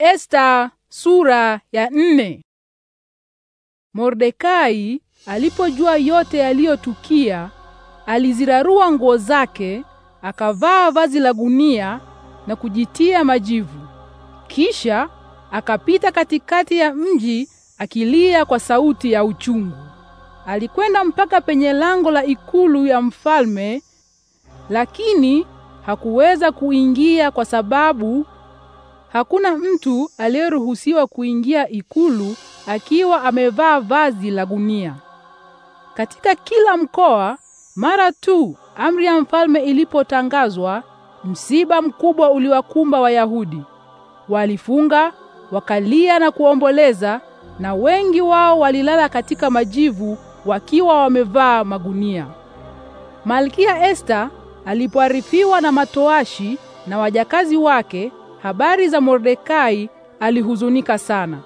Esta sura ya nne. Mordekai alipojua yote yaliyotukia, alizirarua nguo zake, akavaa vazi la gunia na kujitia majivu. Kisha akapita katikati ya mji akilia kwa sauti ya uchungu. Alikwenda mpaka penye lango la ikulu ya mfalme, lakini hakuweza kuingia kwa sababu Hakuna mtu aliyeruhusiwa kuingia ikulu akiwa amevaa vazi la gunia. Katika kila mkoa, mara tu amri ya mfalme ilipotangazwa, msiba mkubwa uliwakumba Wayahudi. Walifunga, wakalia na kuomboleza, na wengi wao walilala katika majivu wakiwa wamevaa magunia. Malkia Esta alipoarifiwa na matoashi na wajakazi wake habari za Mordekai, alihuzunika sana.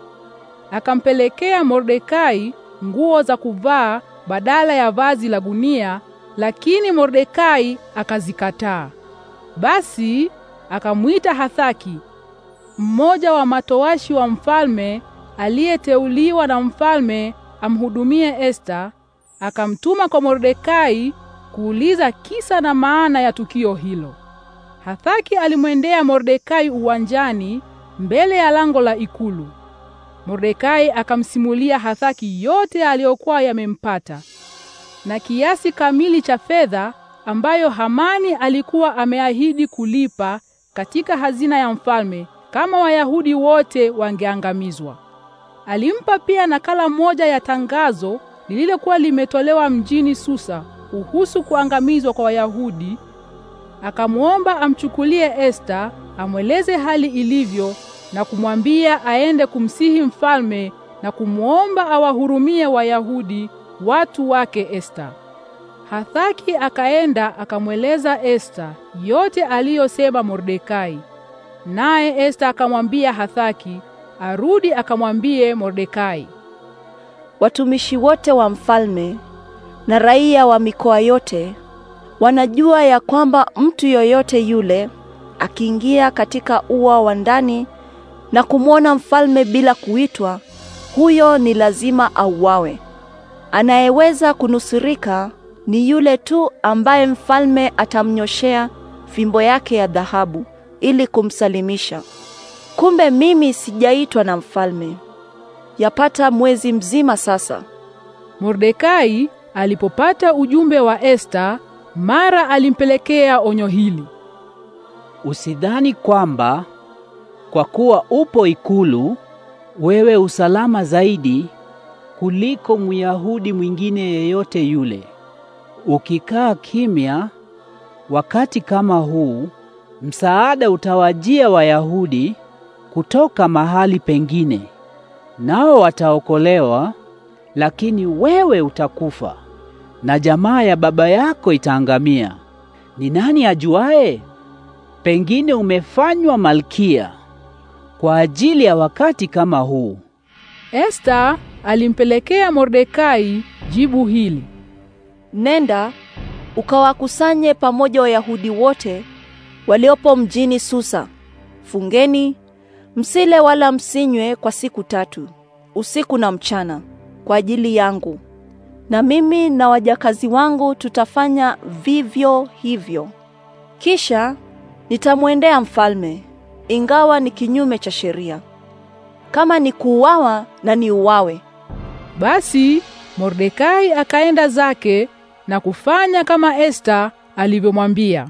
Akampelekea Mordekai nguo za kuvaa badala ya vazi la gunia, lakini Mordekai akazikataa. Basi akamwita Hathaki, mmoja wa matowashi wa mfalme aliyeteuliwa na mfalme amhudumie Esta, akamtuma kwa Mordekai kuuliza kisa na maana ya tukio hilo. Hathaki alimwendea Mordekai uwanjani mbele ya lango la ikulu. Mordekai akamsimulia Hathaki yote aliyokuwa yamempata na kiasi kamili cha fedha ambayo Hamani alikuwa ameahidi kulipa katika hazina ya mfalme kama Wayahudi wote wangeangamizwa. Alimpa pia nakala moja ya tangazo lililokuwa limetolewa mjini Susa kuhusu kuangamizwa kwa Wayahudi akamwomba amchukulie Esta, amweleze hali ilivyo na kumwambia aende kumsihi mfalme na kumwomba awahurumie Wayahudi watu wake Esta. Hathaki akaenda akamweleza Esta yote aliyosema Mordekai. Naye Esta akamwambia Hathaki arudi akamwambie Mordekai, watumishi wote wa mfalme na raia wa mikoa yote Wanajua ya kwamba mtu yoyote yule akiingia katika ua wa ndani na kumwona mfalme bila kuitwa, huyo ni lazima auawe. Anayeweza kunusurika ni yule tu ambaye mfalme atamnyoshea fimbo yake ya dhahabu ili kumsalimisha. Kumbe mimi sijaitwa na mfalme. Yapata mwezi mzima sasa. Mordekai alipopata ujumbe wa Esta mara alimpelekea onyo hili: usidhani kwamba kwa kuwa upo ikulu wewe usalama zaidi kuliko Myahudi mwingine yeyote yule. Ukikaa kimya wakati kama huu, msaada utawajia Wayahudi kutoka mahali pengine, nao wataokolewa, lakini wewe utakufa na jamaa ya baba yako itaangamia. Ni nani ajuae? Pengine umefanywa malkia kwa ajili ya wakati kama huu. Esta alimpelekea Mordekai jibu hili: Nenda ukawakusanye pamoja Wayahudi wote waliopo mjini Susa. Fungeni, msile wala msinywe kwa siku tatu, usiku na mchana, kwa ajili yangu na mimi na wajakazi wangu tutafanya vivyo hivyo. Kisha nitamwendea mfalme, ingawa ni kinyume cha sheria. Kama ni kuuawa, na niuawe. Basi Mordekai akaenda zake na kufanya kama Esta alivyomwambia.